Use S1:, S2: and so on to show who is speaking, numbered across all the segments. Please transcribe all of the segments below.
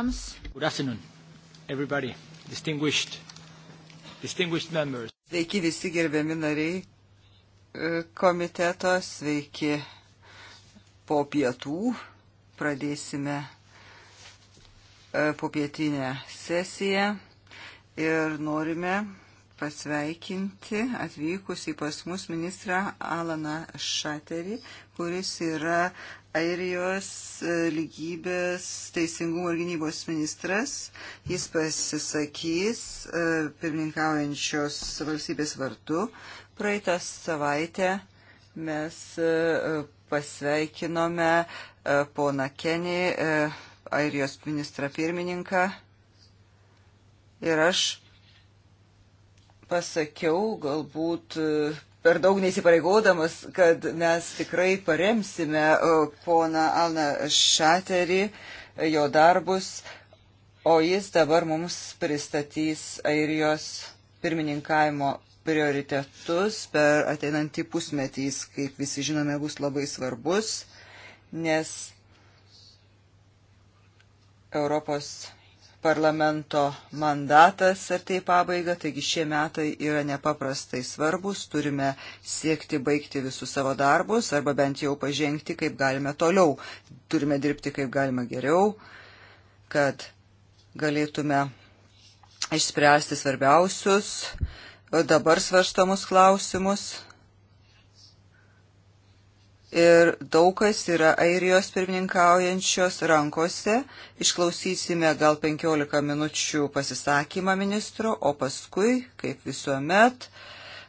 S1: Jums.
S2: Good afternoon, everybody, distinguished, distinguished members.
S1: Sveiki visi gerbiami nariai e, komiteto, sveiki po pietų. Pradėsime e, popietinę sesiją ir norime pasveikinti atvykusį pas mus ministrą Alaną Šaterį, kuris yra Airijos e, lygybės teisingumo ir gynybos ministras. Jis pasisakys e, pirmininkaujančios valstybės vardu. Praeitą savaitę mes e, pasveikinome poną Kenį, Airijos ministrą pirmininką. Ir aš pasakiau, galbūt per daug neįsipareigodamas, kad mes tikrai paremsime poną Alną Šaterį, jo darbus, o jis dabar mums pristatys Airijos pirmininkavimo prioritetus per ateinantį pusmetį, jis, kaip visi žinome, bus labai svarbus, nes Europos parlamento mandatas artei pabaiga, taigi šie metai yra nepaprastai svarbus, turime siekti baigti visus savo darbus arba bent jau pažengti, kaip galime toliau, turime dirbti kaip galima geriau, kad galėtume išspręsti svarbiausius dabar svarstamus klausimus ir daug kas yra airijos pirmininkaujančios rankose. Išklausysime gal 15 minučių pasisakymą ministro, o paskui, kaip visuomet,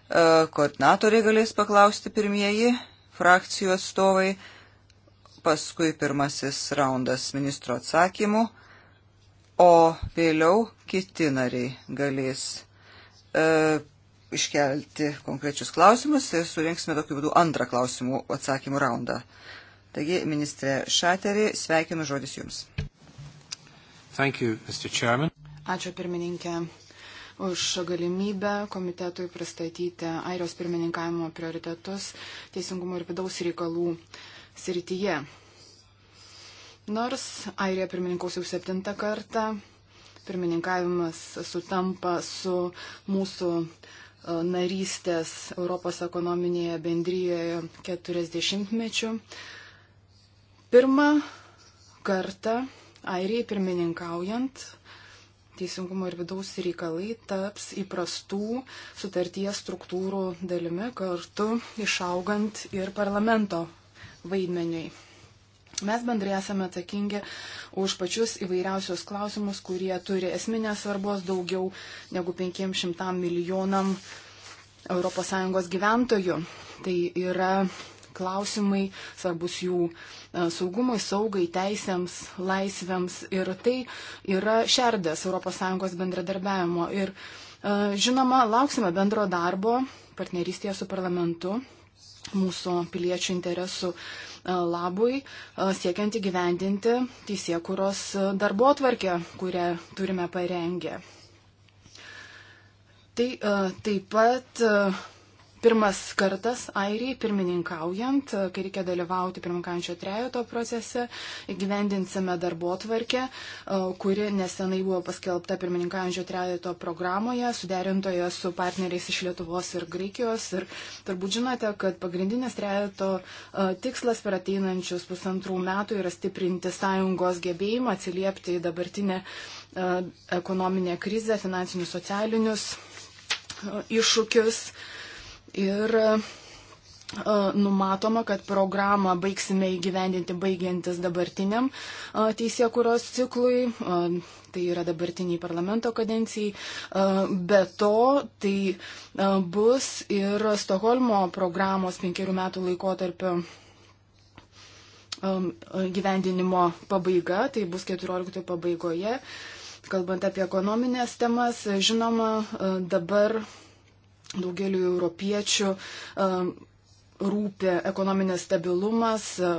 S1: e, koordinatoriai galės paklausti pirmieji frakcijų atstovai, paskui pirmasis raundas ministro atsakymų, o vėliau kiti nariai galės e, iškelti konkrečius klausimus ir surinksime tokiu būdu antrą klausimų atsakymų raundą. Taigi, ministrė Šaterį, sveikinu žodis Jums. Thank you, Ačiū pirmininkė už galimybę
S3: komitetui pristatyti Airijos pirmininkavimo prioritetus teisingumo ir vidaus reikalų srityje. Nors Airija pirmininkaus jau septintą kartą, pirmininkavimas sutampa su mūsų narystės Europos ekonominėje bendryjoje 40-mečių. Pirmą kartą Airijai pirmininkaujant teisingumo ir vidaus reikalai taps įprastų sutarties struktūrų dalimi kartu išaugant ir parlamento vaidmeniui. Mes bendrai esame atsakingi už pačius įvairiausius klausimus, kurie turi esminės svarbos daugiau negu 500 milijonam ES gyventojų. Tai yra klausimai svarbus jų e, saugumui, saugai, teisėms, laisvėms ir tai yra šerdas ES bendradarbiavimo. Ir e, žinoma, lauksime bendro darbo partnerystėje su parlamentu mūsų piliečių interesų e, labui, e, siekiant įgyvendinti teisėkuros e, darbo atvarkę, kurią turime parengę. Tai taip pat pirmas kartas Airijai pirmininkaujant, kai reikia dalyvauti pirmininkaujančio trejoto procese, gyvendinsime darbo tvarkę, e, kuri nesenai buvo paskelbta pirmininkaujančio trejoto programoje, suderintoje su partneriais iš Lietuvos ir Graikijos. Ir turbūt žinote, kad pagrindinis trejoto e, tikslas per ateinančius pusantrų metų yra stiprinti sąjungos gebėjimą atsiliepti į dabartinę e, ekonominę krizę, finansinius, socialinius iššūkius. Uh, Ir e, numatoma, kad programą baigsime įgyvendinti baigiantis dabartiniam e, teisėkuros ciklui, e, tai yra dabartiniai parlamento kadencijai. Be to, tai bus ir Stoholmo programos penkerių metų laikotarpio gyvendinimo pabaiga, tai bus 14 pabaigoje. Kalbant apie ekonominės temas, žinoma, dabar daugeliu europiečių e, rūpi ekonominis stabilumas, e,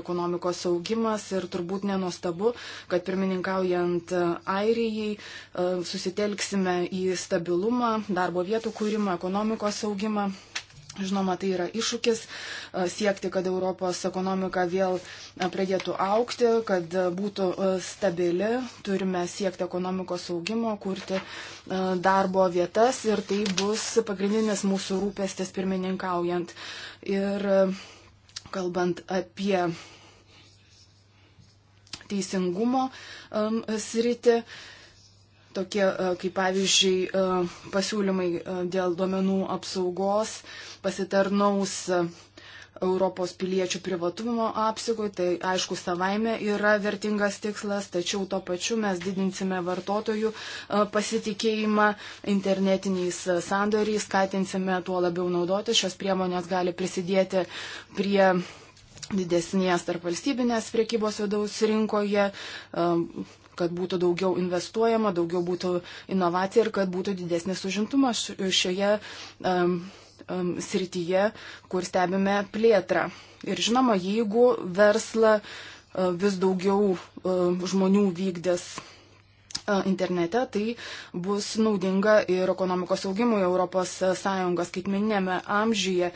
S3: ekonomikos augimas ir turbūt nenostabu, kad pirmininkaujant e, Airijai susitelksime į stabilumą, darbo vietų kūrimą, ekonomikos augimą. Žinoma, tai yra iššūkis e, siekti, kad Europos ekonomika vėl e, pradėtų aukti, kad e, būtų stabili, turime siekti ekonomikos augimo, kurti darbo vietas ir tai bus pagrindinis mūsų rūpestis pirmininkaujant. Ir kalbant apie teisingumo um, sritį. Uh, tokie e, kaip pavyzdžiui e, pasiūlymai e, dėl duomenų apsaugos pasitarnaus Europos piliečių privatumo apsigui, tai aišku savaime yra vertingas tikslas, tačiau tuo pačiu mes didinsime vartotojų pasitikėjimą internetiniais sandoriais, skatinsime tuo labiau naudoti, šios priemonės gali prisidėti prie didesnės tarp valstybinės priekybos vidaus rinkoje, kad būtų daugiau investuojama, daugiau būtų inovacija ir kad būtų didesnis užimtumas šioje um, um, srityje, kur stebime plėtrą. Ir žinoma, jeigu verslą uh, vis daugiau uh, žmonių vykdės internete, tai bus naudinga ir ekonomikos augimui ES skaitmeninėme amžiuje.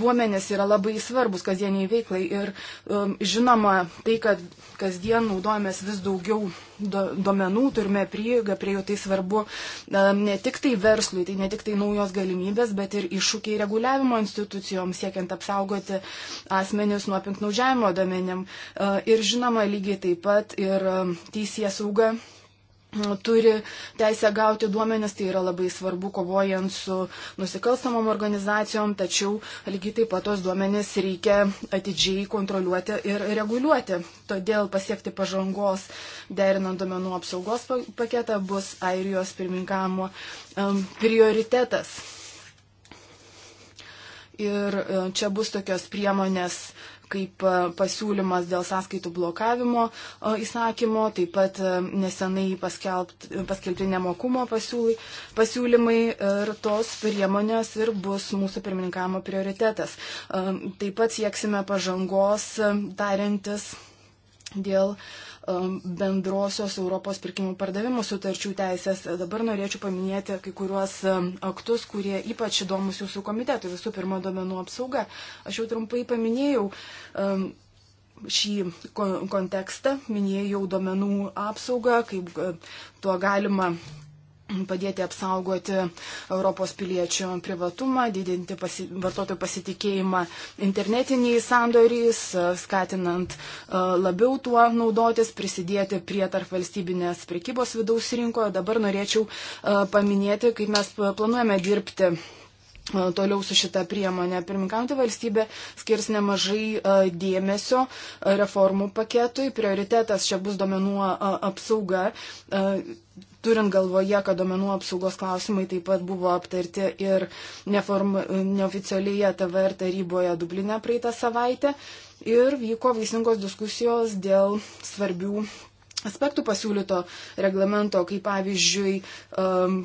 S3: Duomenės yra labai svarbus kasdieniai veiklai ir žinoma tai, kad kasdien naudojamės vis daugiau duomenų, turime prieigą prie jų, tai svarbu ne tik tai verslui, tai ne tik tai naujos galimybės, bet ir iššūkiai reguliavimo institucijoms siekiant apsaugoti asmenis nuo pinknaudžiavimo duomenim. Ir žinoma, lygiai taip pat ir teisės sauga turi teisę gauti duomenis, tai yra labai svarbu kovojant su nusikalstamom organizacijom, tačiau lygiai taip pat tos duomenis reikia atidžiai kontroliuoti ir reguliuoti. Todėl pasiekti pažangos derinant duomenų apsaugos paketą bus Airijos pirmininkamo prioritetas. Ir e, čia bus tokios priemonės kaip e, pasiūlymas dėl sąskaitų blokavimo e, įsakymo, taip pat e, nesenai paskelbti nemokumo pasiūly, pasiūlymai ir tos priemonės ir bus mūsų pirmininkavimo prioritetas. Taip pat sieksime pažangos darintis dėl uh, Um, bendrosios Europos pirkimų pardavimų sutarčių teisės. Dabar norėčiau paminėti kai kuriuos um, aktus, kurie ypač įdomus jūsų komitetui. Visų pirma, domenų apsauga. Aš jau trumpai paminėjau um, šį kontekstą, minėjau domenų apsaugą, kaip uh, tuo galima padėti apsaugoti Europos piliečių privatumą, didinti pasi, vartotojų pasitikėjimą internetiniais sandoriais, skatinant e, labiau tuo naudotis, prisidėti prie tarp valstybinės prekybos vidaus rinkoje. Dabar norėčiau e, paminėti, kaip mes planuojame dirbti e, toliau su šita priemonė. Pirminkauti valstybė skirs nemažai dėmesio reformų paketui. Prioritetas čia bus domenų apsauga turint galvoje, kad domenų apsaugos klausimai taip pat buvo aptarti ir neform, neoficialėje TVR taryboje Dublinė praeitą savaitę ir vyko vaisingos diskusijos dėl svarbių aspektų pasiūlyto reglamento, kaip pavyzdžiui, um,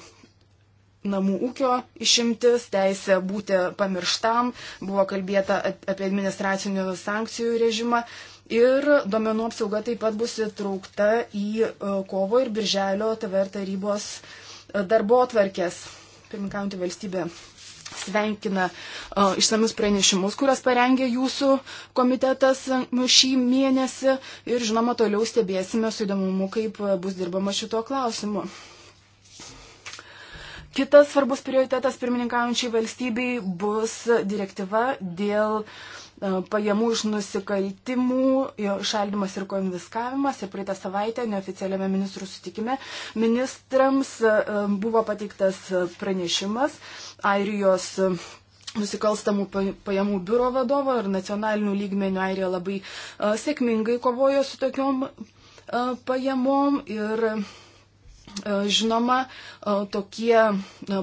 S3: namų ūkio išimtis, teisė būti pamirštam, buvo kalbėta apie administracinių sankcijų režimą Ir domenų apsauga taip pat bus įtraukta į e, kovo ir birželio TVR tarybos e, darbo atvarkės. Pirminkaujantį valstybę sveikina e, išsamius pranešimus, kurias parengė jūsų komitetas šį mėnesį. Ir žinoma, toliau stebėsime su įdomumu, kaip bus dirbama šito klausimu. Kitas svarbus prioritetas pirmininkaujančiai valstybei bus direktyva dėl uh, E, pajamų iš nusikaltimų šaldimas ir konviskavimas. Ir praeitą savaitę neoficialiame ministrų sutikime ministrams e, e, buvo pateiktas pranešimas Airijos nusikalstamų pajamų biuro vadovo ir nacionalinių lygmenių Airija labai sėkmingai kovojo su tokiom pajamom ir E, žinoma, e, tokie e,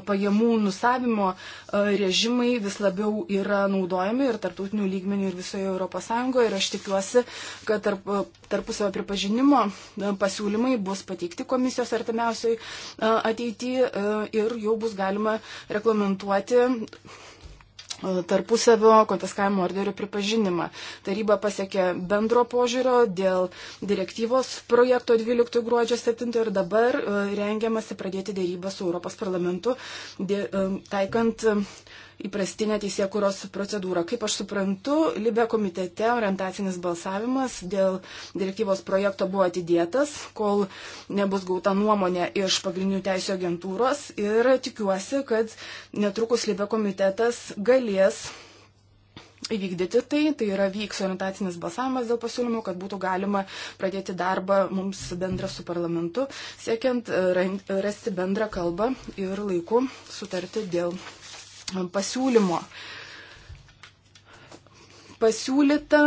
S3: pajamų nusavimo režimai vis labiau yra naudojami ir tarptautinių lygmenių ir visoje ES ir aš tikiuosi, kad tarp, tarpusavio pripažinimo pasiūlymai bus pateikti komisijos artimiausiai ateityje ir jau bus galima reglamentuoti E, tarpusavio konfiskavimo orderio pripažinimą. Taryba pasiekė bendro požiūrio dėl direktyvos projekto 12 gruodžio 7 ir dabar e, rengiamasi pradėti dėrybą su Europos parlamentu, e, taikant įprastinę teisėkuros procedūrą. Kaip aš suprantu, Libė komitete orientacinis balsavimas dėl direktyvos projekto buvo atidėtas, kol nebus gauta nuomonė iš pagrindinių teisų agentūros ir tikiuosi, kad netrukus Libė komitetas galės įvykdyti tai, tai yra vyks orientacinis balsavimas dėl pasiūlymų, kad būtų galima pradėti darbą mums bendrą su parlamentu, siekiant rasti bendrą kalbą ir laiku sutarti dėl pasiūlymo pasiūlyta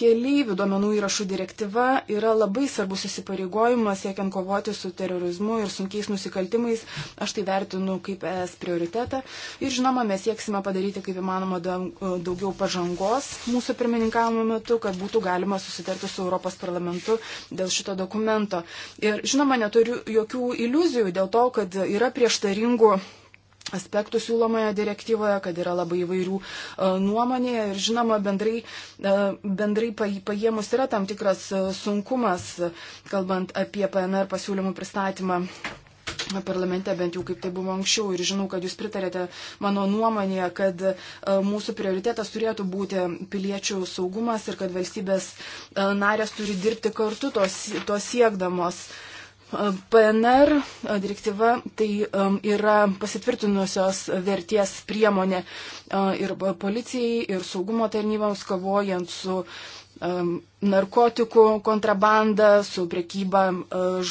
S3: keleivių duomenų įrašų direktyva yra labai svarbus įsipareigojimas siekiant kovoti su terorizmu ir sunkiais nusikaltimais. Aš tai vertinu kaip ES prioritetą. Ir žinoma, mes sieksime padaryti kaip įmanoma daugiau pažangos mūsų pirmininkavimo metu, kad būtų galima susitarti su Europos parlamentu dėl šito dokumento. Ir žinoma, neturiu jokių iliuzijų dėl to, kad yra prieštaringų aspektų siūlomoje direktyvoje, kad yra labai įvairių e, nuomonėje ir žinoma, bendrai, e, bendrai paėmus yra tam tikras e, sunkumas, kalbant apie PNR pasiūlymų pristatymą parlamente, bent jau kaip tai buvo anksčiau ir žinau, kad jūs pritarėte mano nuomonėje, kad mūsų prioritetas turėtų būti piliečių saugumas ir kad valstybės narės turi dirbti kartu tos, tos siekdamos. Uh, PNR direktyva tai um, yra pasitvirtinusios verties priemonė ir policijai, ir saugumo tarnybams kovojant su um, narkotikų kontrabanda, su priekyba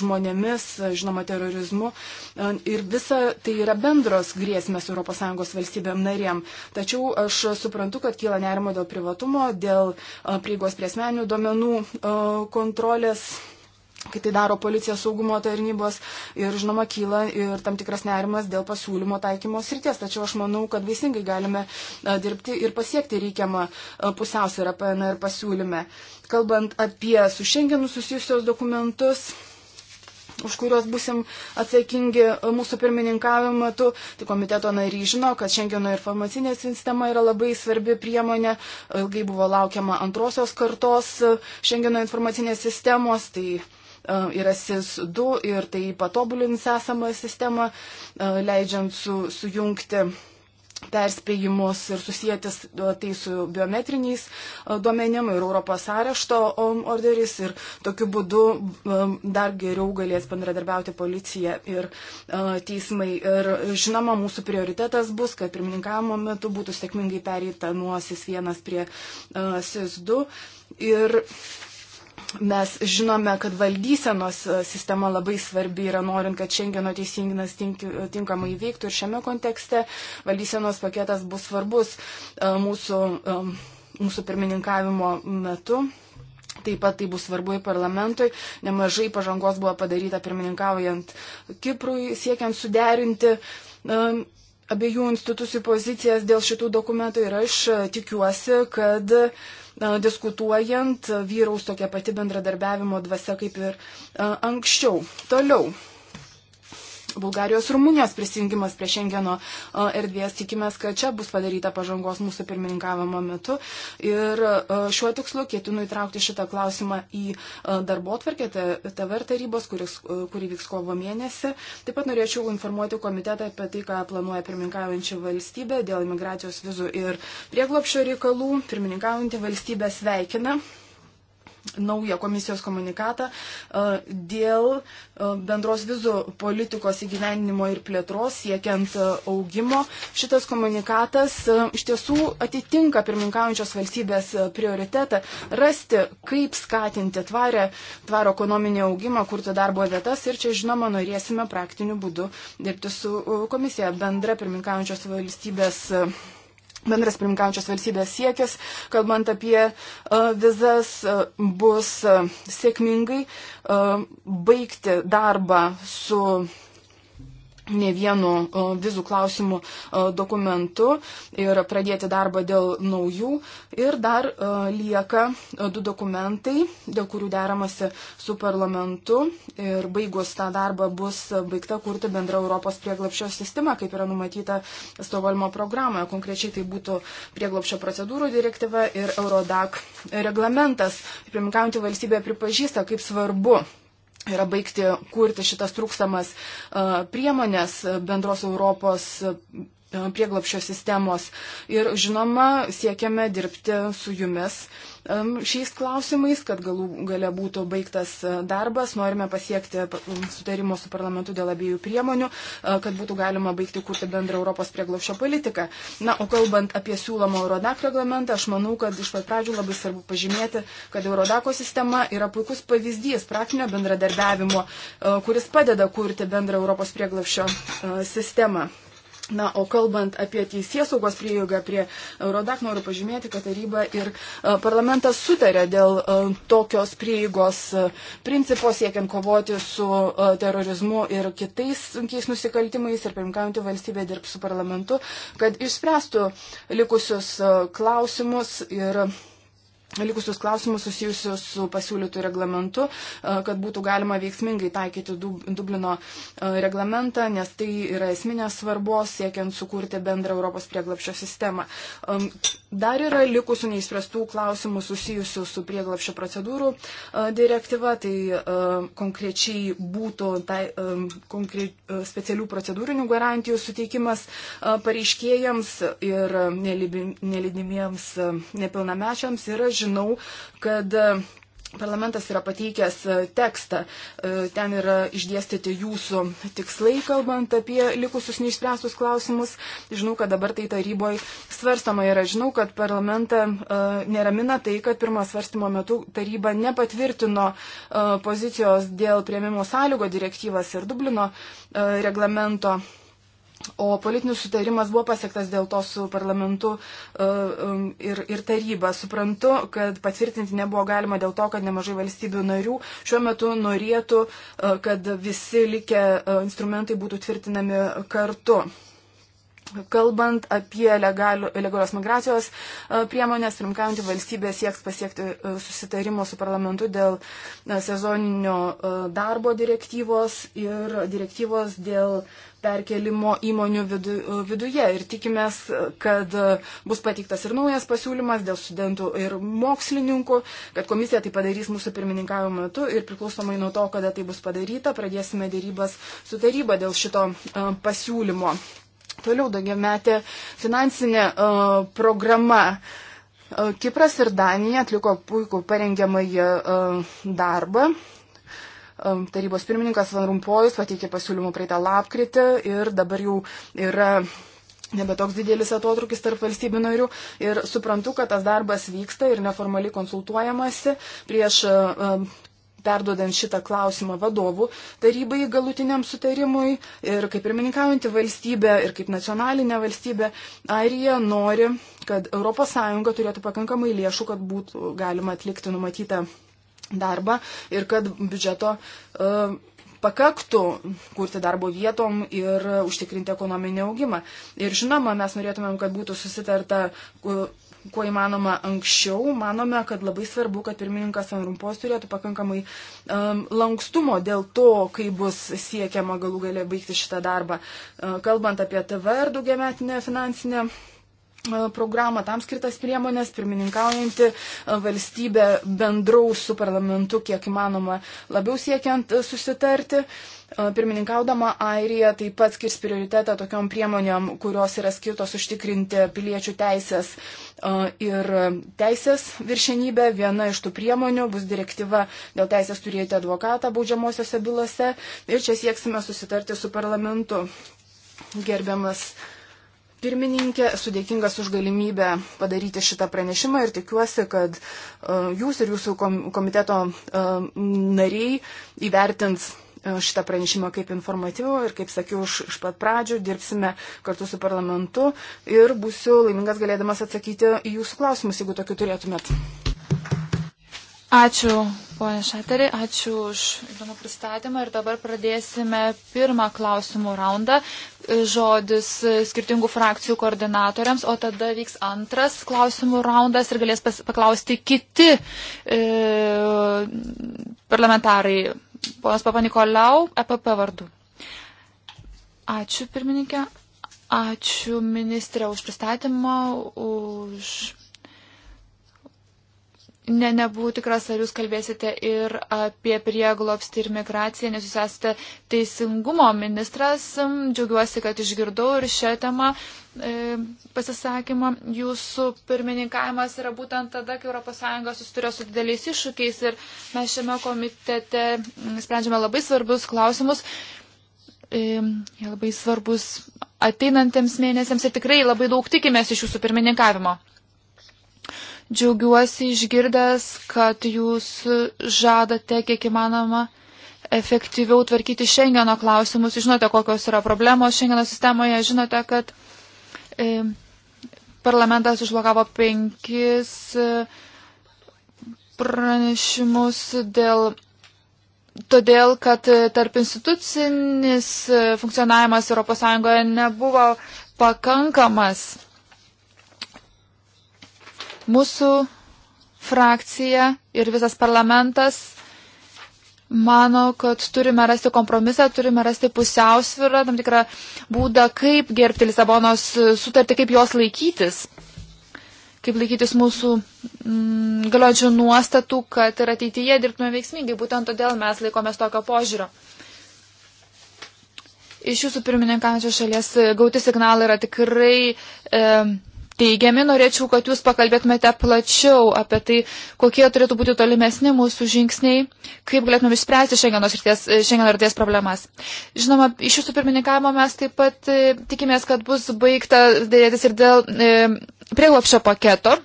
S3: žmonėmis, žinoma, terorizmu. Ir visa tai yra bendros grėsmės ES valstybėm narėm. Tačiau aš suprantu, kad kyla nerimo dėl privatumo, dėl prieigos prie asmenių duomenų kontrolės kai tai daro policijos saugumo tarnybos ir žinoma kyla ir tam tikras nerimas dėl pasiūlymo taikymo srities. Tačiau aš manau, kad vaisingai galime dirbti ir pasiekti reikiamą pusiausvyrą PNR pasiūlyme. Kalbant apie su Schengenu susijusios dokumentus už kuriuos busim atsakingi mūsų pirmininkavimo metu. Tai komiteto nariai žino, kad Šengeno informacinė sistema yra labai svarbi priemonė. Ilgai buvo laukiama antrosios kartos Šengeno informacinės sistemos. Tai E, yra SIS2 ir tai patobulins esamą sistemą, e, leidžiant su, sujungti perspėjimus ir susijętis e, tai su biometriniais duomenim ir Europos arešto orderis ir tokiu būdu dar geriau galės bendradarbiauti policija ir teismai. Ir žinoma, mūsų prioritetas bus, kad pirmininkavimo metu būtų sėkmingai pereita nuo SIS1 prie SIS2. Ir mes žinome, kad valdysenos e, sistema labai svarbi yra norint, kad Šengeno teisinginas tink, tinkamai veiktų ir šiame kontekste valdysenos paketas bus svarbus e, mūsų, e, mūsų pirmininkavimo metu. Taip pat tai bus svarbu ir parlamentui. Nemažai pažangos buvo padaryta pirmininkaujant Kiprui, siekiant suderinti um, abiejų institucijų pozicijas dėl šitų dokumentų ir aš tikiuosi, kad uh, diskutuojant vyraus tokia pati bendradarbiavimo dvasia kaip ir anksčiau. Toliau, Bulgarijos ir Rumunijos prisijungimas prie Šengeno erdvės. Tikimės, kad čia bus padaryta pažangos mūsų pirmininkavimo metu. Ir šiuo tikslu ketinu įtraukti šitą klausimą į darbo atvarkę TVR tarybos, kuris, kuri vyks kovo mėnesį. Taip pat norėčiau informuoti komitetą apie tai, ką planuoja pirmininkaujančia valstybė dėl imigracijos vizų ir prieglopšio reikalų. Pirmininkaujantį valstybę sveikina naują komisijos komunikatą e, dėl e, bendros vizų politikos įgyvendinimo ir plėtros siekiant e, augimo. Šitas komunikatas iš tiesų atitinka pirmininkaujančios valstybės prioritetą rasti, kaip skatinti tvarę, tvaro ekonominį augimą, kurti darbo vietas ir čia, žinoma, norėsime praktiniu būdu dirbti su komisija. Bendra pirmininkaujančios valstybės bendras primkaujančios valstybės siekis, kalbant apie e, vizas, e, bus e, sėkmingai baigti darbą su ne vienu vizų klausimų dokumentu ir pradėti darbą dėl naujų. Ir dar lieka du dokumentai, dėl kurių deramasi su parlamentu. Ir baigus tą darbą bus baigta kurti bendra Europos prieglapšio sistema, kaip yra numatyta Stovalmo programoje. Konkrečiai tai būtų prieglapšio procedūrų direktyva ir Eurodac reglamentas. Pirmininkaujantį valstybę pripažįsta, kaip svarbu yra baigti kurti šitas trūkstamas priemonės bendros Europos E, prieglapšio sistemos. Ir žinoma, siekiame dirbti su jumis e, šiais klausimais, kad galų gale būtų baigtas e, darbas. Norime pasiekti sutarimo su parlamentu dėl abiejų priemonių, kad būtų galima baigti kurti bendrą Europos prieglapšio politiką. Na, o kalbant apie siūlomą Eurodak reglamentą, aš manau, kad iš pat pradžių labai svarbu pažymėti, kad Eurodako sistema yra puikus pavyzdys praktinio bendradarbiavimo, kuris padeda kurti bendrą Europos prieglapšio sistemą. Na, o kalbant apie teisėsaugos prieigą prie Eurodak, noriu pažymėti, kad taryba ir e, parlamentas sutarė dėl e, tokios prieigos e, principo siekiant kovoti su terorizmu ir kitais sunkiais nusikaltimais ir pirmkaujantį valstybę dirbs su parlamentu, kad išspręstų likusius klausimus ir likusius klausimus susijusius su pasiūlytų reglamentu, e, kad būtų galima veiksmingai taikyti Dublino e, reglamentą, nes tai yra esminės svarbos siekiant sukurti bendrą Europos prieglapšio sistemą. Dar yra likusių neįspręstų klausimų susijusių su prieglapšio procedūrų e, direktyva, tai e, konkrečiai būtų tai, e, konkre, specialių procedūrinių garantijų suteikimas pareiškėjams ir nelydimiems nepilnamečiams. Ir aš žinau, kad Parlamentas yra pateikęs e, tekstą, e, ten yra išdėstyti jūsų tikslai, kalbant apie likusius neišspręstus klausimus. Žinau, kad dabar tai taryboje svarstama yra. Žinau, kad parlamentą e, neramina tai, kad pirmo svarstymo metu taryba nepatvirtino pozicijos dėl prieimimo sąlygo direktyvas ir Dublino reglamento O politinis sutarimas buvo pasiektas dėl to su parlamentu e, um, ir, ir taryba. Suprantu, kad patvirtinti nebuvo galima dėl to, kad nemažai valstybių narių šiuo metu norėtų, e, kad visi likę e, instrumentai būtų tvirtinami kartu. Kalbant apie legalio, legalios migracijos e, priemonės, pirmkaujantį valstybę sieks pasiekti e, susitarimo su parlamentu dėl e, sezoninio darbo direktyvos ir direktyvos dėl perkelimo įmonių vidu, viduje. Ir tikimės, kad bus pateiktas ir naujas pasiūlymas dėl studentų ir mokslininkų, kad komisija tai padarys mūsų pirmininkavimo metu ir priklausomai nuo to, kada tai bus padaryta, pradėsime dėrybas su taryba dėl šito pasiūlymo. Toliau daugiametė finansinė e, programa. E, Kipras ir Danija atliko puikų parengiamąjį e, darbą. Tarybos pirmininkas Van Rumpojus pateikė pasiūlymų praeitą lapkritį ir dabar jau yra nebetoks didelis atotrukis tarp valstybių narių ir suprantu, kad tas darbas vyksta ir neformaliai konsultuojamasi prieš perdodant šitą klausimą vadovų tarybai galutiniam sutarimui ir kaip pirmininkaujanti valstybė ir kaip nacionalinė valstybė, Airija nori, kad ES turėtų pakankamai lėšų, kad būtų galima atlikti numatytą darbą ir kad biudžeto. Uh, pakaktų kurti darbo vietom ir užtikrinti ekonominį augimą. Ir žinoma, mes norėtumėm, kad būtų susitarta kuo įmanoma anksčiau. Manome, kad labai svarbu, kad pirmininkas Anrumpos turėtų pakankamai um, lankstumo dėl to, kaip bus siekiama galų galę baigti šitą darbą. Uh, kalbant apie TV ir daugiametinę finansinę E, programą, tam skirtas priemonės, pirmininkaujanti e, valstybė bendraus su parlamentu, kiek įmanoma, labiau siekiant e, susitarti. Pirmininkaudama Airija taip pat skirs prioritetą tokiom priemonėm, kurios yra skirtos užtikrinti piliečių teisės ir teisės viršenybę. Viena iš tų priemonių bus direktyva dėl teisės turėti advokatą baudžiamosiose bylose ir čia sieksime susitarti su parlamentu. Gerbiamas uh, pirmininkė, esu dėkingas už galimybę padaryti šitą pranešimą ir tikiuosi, kad e, jūs ir jūsų komiteto e, nariai įvertins e, šitą pranešimą kaip informatyvų ir, kaip sakiau, iš, iš pat pradžių dirbsime kartu su parlamentu ir būsiu laimingas galėdamas atsakyti į jūsų klausimus, jeigu tokių turėtumėt.
S2: Ačiū, ponė Šaterį, ačiū už įdomų pristatymą ir dabar pradėsime pirmą klausimų raundą. Žodis skirtingų frakcijų koordinatoriams, o tada vyks antras klausimų raundas ir galės paklausti kiti e, parlamentarai. Ponas Papa Nikolau, EPP vardu. Ačiū pirmininkė, ačiū ministrė už pristatymą, už Ne, nebuvau tikras, ar jūs kalbėsite ir apie prieglobstį ir migraciją, nes jūs esate teisingumo ministras. Džiaugiuosi, kad išgirdau ir šią temą e, pasisakymą. Jūsų pirmininkavimas yra būtent tada, kai ES susiduria su dideliais iššūkiais ir mes šiame komitete sprendžiame labai svarbius klausimus. E, labai svarbus ateinantiems mėnesiams ir tikrai labai daug tikimės iš jūsų pirmininkavimo. Džiaugiuosi išgirdęs, kad jūs žadate kiek įmanoma efektyviau tvarkyti Šengeno klausimus. Žinote, kokios yra problemos Šengeno sistemoje. Žinote, kad e, parlamentas užblokavo penkis e, pranešimus dėl. Todėl, kad tarp institucinis e, funkcionavimas ES nebuvo pakankamas. Mūsų frakcija ir visas parlamentas mano, kad turime rasti kompromisą, turime rasti pusiausvyrą, tam tikrą būdą, kaip gerbti Lisabonos sutartį, kaip jos laikytis kaip laikytis mūsų mm, galiojančių nuostatų, kad ir ateityje dirbtume veiksmingai. Būtent todėl mes laikomės tokio požiūrio. Iš jūsų pirmininkančio šalies gauti signalai yra tikrai e, teigiami. Norėčiau, kad jūs pakalbėtumėte plačiau apie tai, kokie turėtų būti tolimesni mūsų žingsniai, kaip galėtumėm išspręsti šiandienos ryties, e, šiandienos ryties problemas. Žinoma, iš jūsų pirmininkavimo mes taip pat e, tikimės, kad bus baigta dėrėtis ir dėl e, prieglopšio paketo.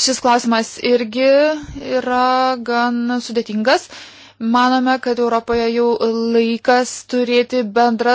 S2: Šis klausimas irgi yra gan sudėtingas. Manome, kad Europoje jau laikas turėti bendrą